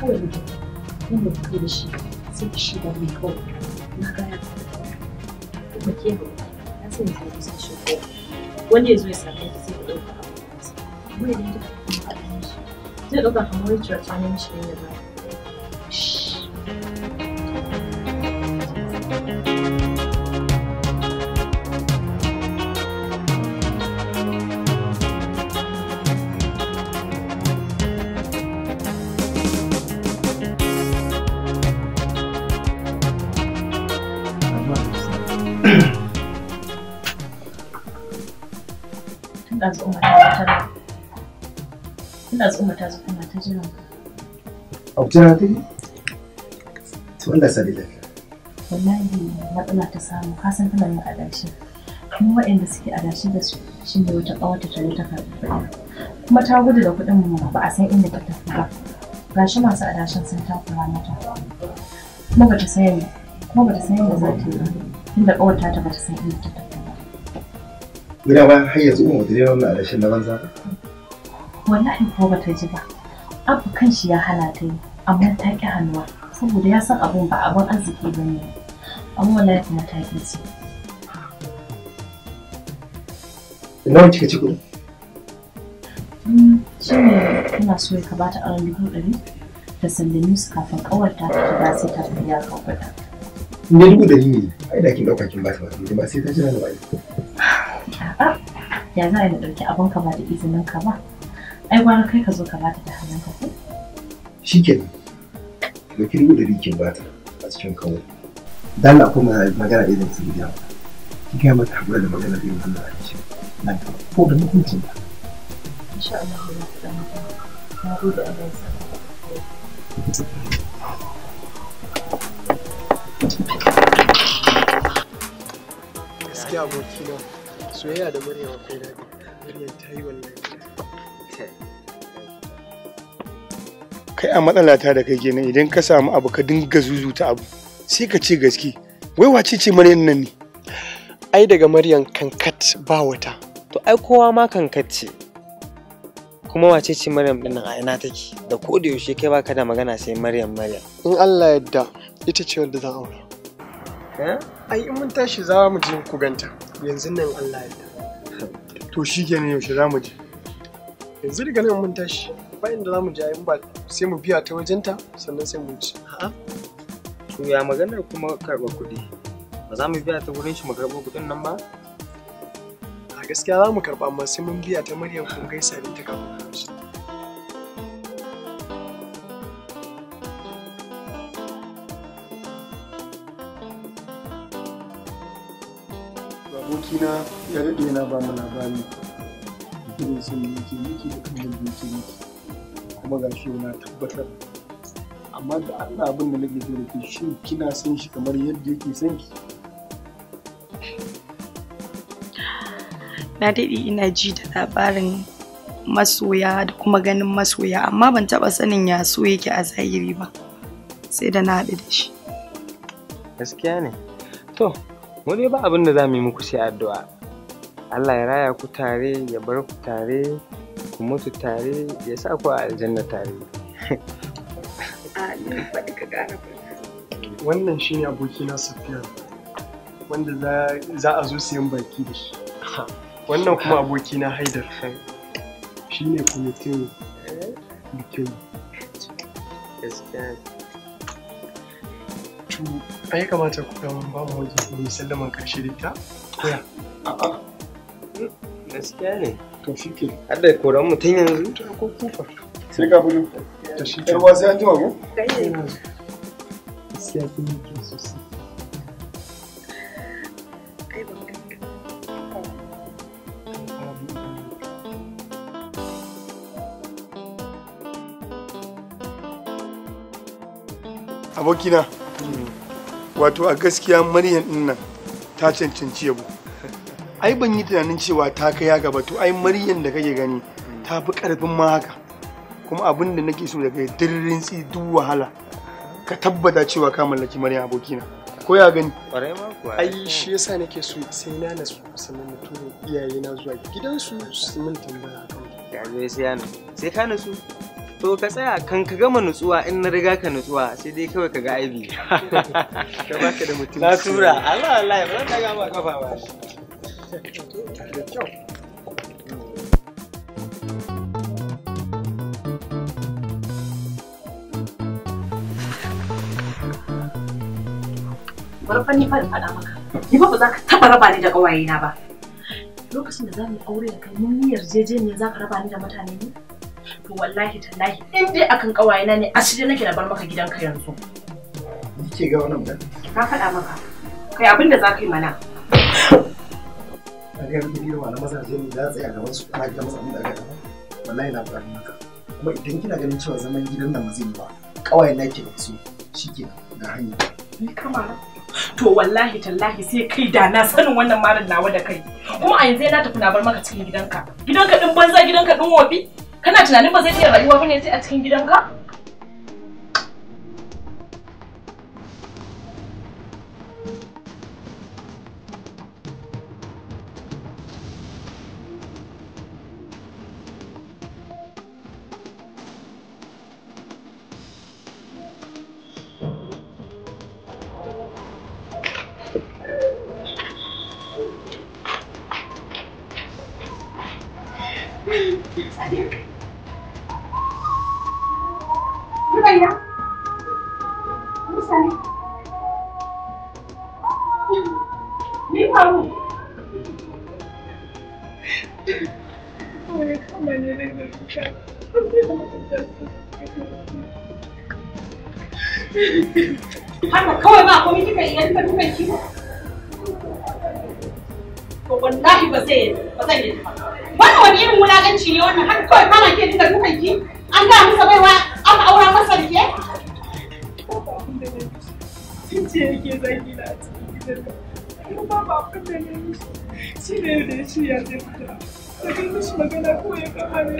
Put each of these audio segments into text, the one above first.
kawai da ke wanda da shi sai ki shi da mai kawai na gaya kuma ke ba na sai ya zai shi ko wanda ya zo ya same ki sai ya ɗauka a wani kuma idan kika kuma zai ɗauka kamar wacce wacce ne mishi ne da ɗazu umar ta ta zo ta jiran matsala ta ka san kuma waɗanda suke da su wata ta ta kuma ta gudu da kuɗin mu ba a san inda ta tafi ba shi masu adashin sun takura mata kuma ba ta sayar kuma ba ta sayar da za ta yi ta ba ta san inda ta tafi Gida ba har yanzu umma ta daina wannan adashin na banza ba. Wallahi ko ba ta ji ba. Abu kan shi ya hana ta yi amma ta ki hannuwa saboda ya san abun ba abun arziki ba ne. Amma wallahi kuma ta ki ce. Nawa kika ci kuɗi? Hmm, shi ne so ya ba ta aron dubu ɗari da sallami su kafin ƙawarta ta ba sai ta biya ka ta. Ne dubu ɗari ne ai da kin ɗauka kin ba ta ba sai ta jira da ba. a'a ya za a yi ɗauki abin ba da izinin ka ba ai gwara kai ka zo ka bata da hannun ka shi ke da kirgu da rikin bata a cikin kawo dan na kuma magana irin su gida ki gaya mata hakura da magana irin wannan a cikin nan ka ko da mutuncin ka insha Allah ya zama na gode a gaisa gaskiya abokina soyayya da murya wa kai daɗi muryar ta yi wallahi kai a matsala ta da kai kenan idan ka samu abu ka dinga zuzuta abu sai ka ce gaske wai wace ce maryan nan ne ai daga maryan kankat ba wata to ai kowa ma kankat ce kuma wace ce Maryam din nan a ina take da ko da yaushe kai baka da magana sai Maryam Maryam in Allah yadda ita ce wanda zan aura eh ai in mun tashi za mu je ku ganta yanzu nan Allah ya to shi nan yaushe za mu je yanzu daga nan mun tashi ba inda za mu je in ba sai mu biya ta wajenta sannan sai mu ci a'a to ya magana kuma karɓar kuɗi ba za mu biya ta wurin shi mu karɓo kuɗin nan ba a gaskiya za mu karɓa amma sai mun biya ta Maryam kun gaisa da ta kawo abokina ya daɗe yana ba mu labari irin sun yake yake da kallon yake miki kuma ga shi na tabbatar amma da Allah abin da nake so da ke shi kina son shi kamar yadda yake son ki na daɗe ina ji da labarin masoya da kuma ganin masoya amma ban taɓa sanin ya so yake a zahiri ba sai da na haɗu da shi gaskiya ne to mu dai ba abin da za mu yi muku sai addu'a Allah ya raya ku tare ya bar ku tare ku mutu tare ya sa ku a aljanna tare wannan shi aboki abokina Safiya wanda za a zo siyan baki da shi wannan kuma abokina Haidar shi shine kwamitin bikin gaskiya hutu ai kamata ku dan ba mu waje ku sallaman karshe da ita koya a'a gaskiya ne to shike har da koran mutum yanzu to ko kufa sai ka bugu ta shi kar wasu an jima ko gaskiya kun yi sosai abokina wato a gaskiya maryam din nan ta cancanci yabo ai ban yi tunanin cewa ta kai haka ba to ai maryam da kake gani ta fi karfin ma haka kuma abin da nake so daga dirrin tsi duk wahala ka tabbata cewa ka mallaki maryam abokina ko ya gani ma ai shi yasa nake so sai na nasu su na tura iyaye na zuwa gidansu su mun tambaya akan ta sai ya nasu sai ka nasu to ka tsaya kan ka gama nutsuwa in na riga ka nutsuwa sai dai kawai ka ga aibi ka baka da mutum na tura Allah Allah ba ta gama kafa ba da Ba bari fa ni fa faɗa maka ni ba ba za ka taɓa raba ni da ƙawayena ba lokacin da za mu aure da kai mun yi yarjejeniya za ka raba ni da mutane ne to wallahi tallahi in dai akan kawayena ne asiri nake na bar maka gidanka yanzu ni ke ga wannan ba na faɗa maka kai abin da za ka yi mana a ga gidan yawa na mazaje ne da tsaya gaban su kuma gidan mazaje da gaba wallahi na faɗa maka kuma idan kina ganin cewa zaman gidan nan mazin ba kawayen na ke so su shikenan ga hanya ni kama to wallahi tallahi sai kai da na sanin wannan marar nawa da kai kuma a yanzu na tafi na bar maka cikin gidanka gidanka din banza gidanka din wofi Kana tunanin ba zai iya rayuwa bane sai a cikin gidan ka? Haka kawai ba komai kika yi yanka kuka yi ba. To wallahi ba zai ba zan yi ba. Wannan wani irin wulaƙanci ne wannan haka kawai kana ke dinga kuka yi an ga masa an aura masa da Kin ce yake zaki na a cikin gidan kuma ba abin da ne musu shi ne da ya zai fita da kai mishi kama yiwu ba san ba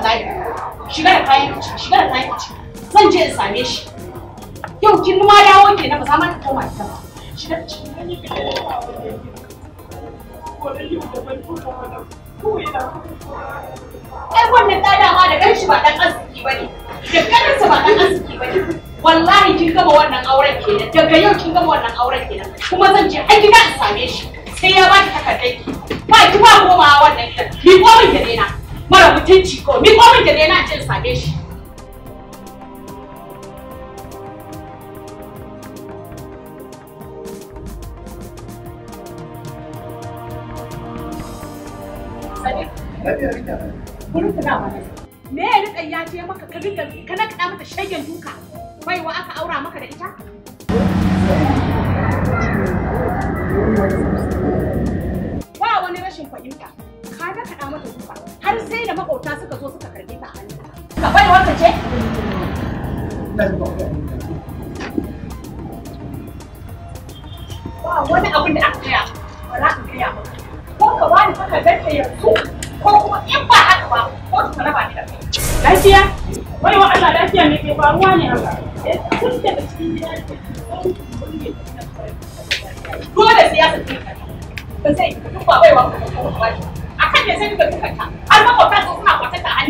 zai shiga da kayan shiga da kayan zan je in same shi yau kin ma dawo kenan ba za ma ba shiga da cikin hanyar da ya kama wajen yau da bai ko kama da kowai na kuma ai wannan ɗa dama ba ɗan arziki ba ne da ganinsa ba ɗan arziki ba ne wallahi kin gama wannan auren kenan daga yau kin gama wannan auren kenan kuma zan je ai gida in same shi sai ya baki takardar ki ba ki ba goma wannan gidan mi komin da na, mara mutunci ko mi komin da na, je in same shi Me ya rika ya ce maka ka rika ka kaɗa mata shagen duka baiwa aka aura maka da ita? Ba wani rashin fahimta, ka da kaɗa mata kuka har sai da makauta suka zo suka karɓe ta hannu. Ka baiwa ka ce? Ba wani abin da aka gaya, ba za ka gaya maka. Ko ka bani takardar ta yanzu ko kuma in ba haka ba ko ka raba ni da kai. Lafiya? Wai wa Allah lafiya me ke faruwa ne haka? kun daga cikin gida da dole ya ba zai baiwa ko a ta ta ta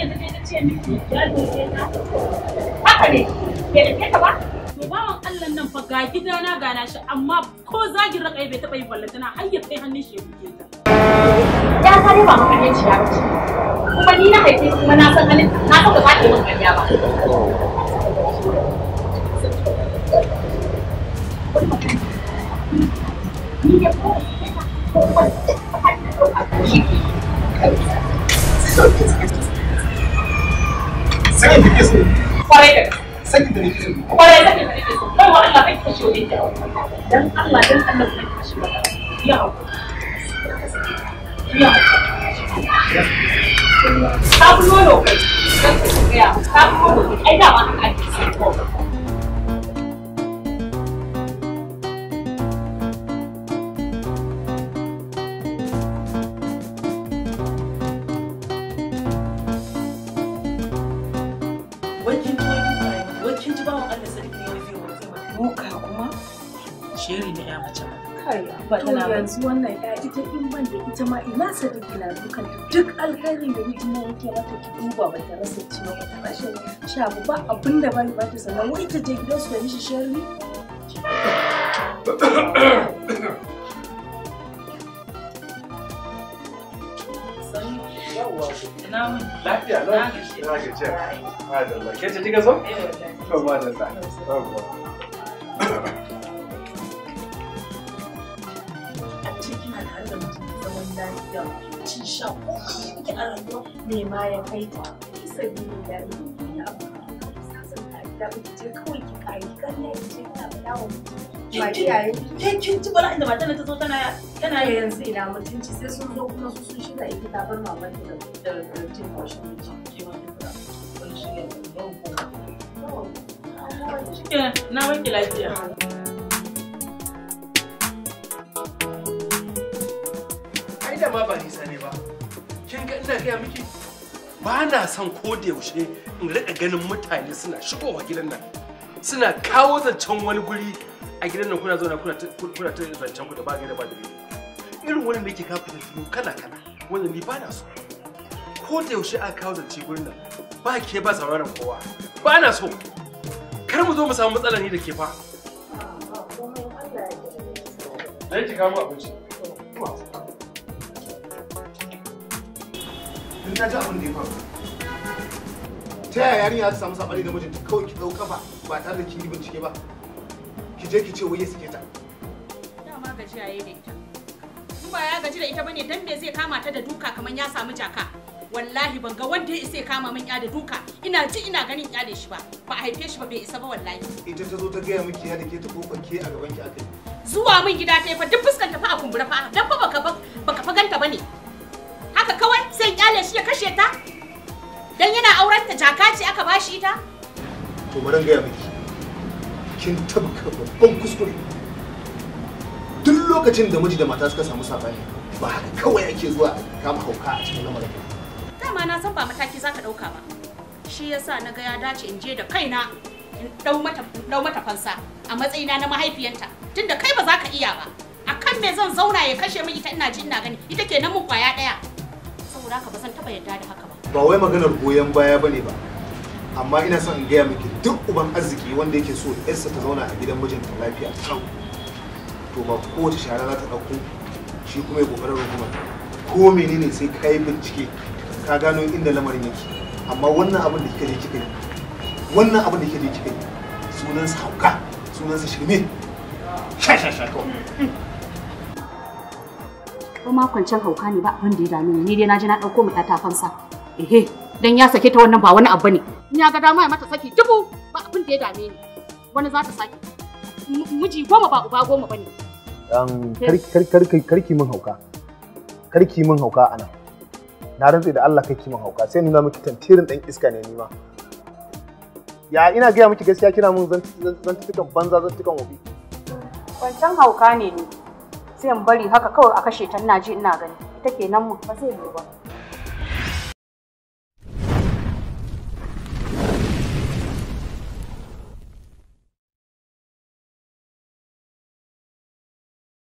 yanzu bawan Allah nan fa ga gidana ga na shi amma ko zagin rakai bai ta yin ballantana har ya kai hannun shi ya ta ya kare ba mu kare kuma ni na haife kuma na san halin na san ba ta yi mun ba dan Allah dan Allah ba yanzu wannan ya ita in ban da ita ma ina sadiki na dukkan duk alkhairi da mijina yake mata ki duba ba ta rasa cewa ba ta rashin ba abin da bani ba ta sanar wai ta je su da mishi sharri Lafiya, lafiya, lafiya, lafiya, lafiya, lafiya, lafiya, lafiya, lafiya, lafiya, lafiya, lafiya, ci sha komai a rayuwa me ma ya kai ta sabili da ni da je kawai ki kai kan ne dawo ba ci inda matan ta zo tana tana yanzu ina mutunci sai sun zo kuma su sun shiga ta bar ta da ma wani na wanke lafiya. Ai da ma ba nisa ne. ina gaya miki ba na son ko da yaushe in riƙa ganin mutane suna shigowa gidan nan suna kawo zancen wani guri a gidan nan kuna zauna kuna kuna ta zancen ku da ba gida ba da irin wani da yake kafa da kala kala wannan ni ba na so ko da yaushe a kawo zance gurin nan ba ke ba sauraron kowa ba na so kar mu zo mu samu matsala ni da ke fa Zai ki kamo abinci. Ni na ji abin da ya faru. Ta yaya yarinya ta samu sabani da mijinta kawai ki ɗauka kafa ba tare da kin bincike ba. Ki je ki ce wai ya sake ta. Dama gajiya yayi da ita. In ba ya gaji da ita bane dan me zai kama ta da duka kamar ya samu jaka. Wallahi ban ga wanda ya isa kama min ya da duka. Ina ji ina ganin ya da shi ba. Ba a haife shi ba bai isa ba wallahi. Ita ta zo ta gaya miki ya da ke ta kofar ke a gaban ki akai. Zuwa min gida ta yi fa duk fuskanta fa a kumbura fa dan fa baka baka fa ganta bane. kyale shi ya kashe ta? Dan yana auren ta jaka ce aka bashi ita? To bari gaya miki. Kin tabka babban kuskure. Duk lokacin da miji da mata suka samu sabani ba haka kawai ake zuwa kama hauka a cikin lamarin. Dama na san ba mataki zaka dauka ba. Shi yasa na ga ya dace in je da kaina in dau mata dau mata fansa a matsayina na mahaifiyanta tunda kai ba za ka iya ba. akan me zan zauna ya kashe min ita ina jin na gani ita kenan mun kwaya daya da ba zan taba yarda da haka ba ba wai maganar goyon baya bane ba amma ina son in gaya miki duk uban arziki wanda yake so yarsa ta zauna a gidan mijinta lafiya to ba kowace shara za ta ɗauko shi kuma ya kokarin hukumar ko menene sai ka yi bincike ka gano inda lamarin yake amma wannan abin da kika je kika yi wannan abin da kika je kika yi sunansa hauka sunansa shirme sha sha sha kawai mm, mm. ko ma kwancen hauka ne ba abin da ya dame ni dai na je na dauko mu ta fansa ehe dan ya sake ta wannan ba wani abu ne in ya ga dama ya mata saki dubu ba abin da ya dame ni wani za ta saki miji goma ba uba goma bane um karki min hauka karki min hauka ana na rantsi da Allah kai min hauka sai nuna miki tantirin dan iska ne nima ya ina gaya miki gaskiya kina mun zantukan banza zantukan wobi wancan hauka ne ne sai in bari haka kawai a kashe ta ina ji ina gani ita kenan mu ba zai yiwu ba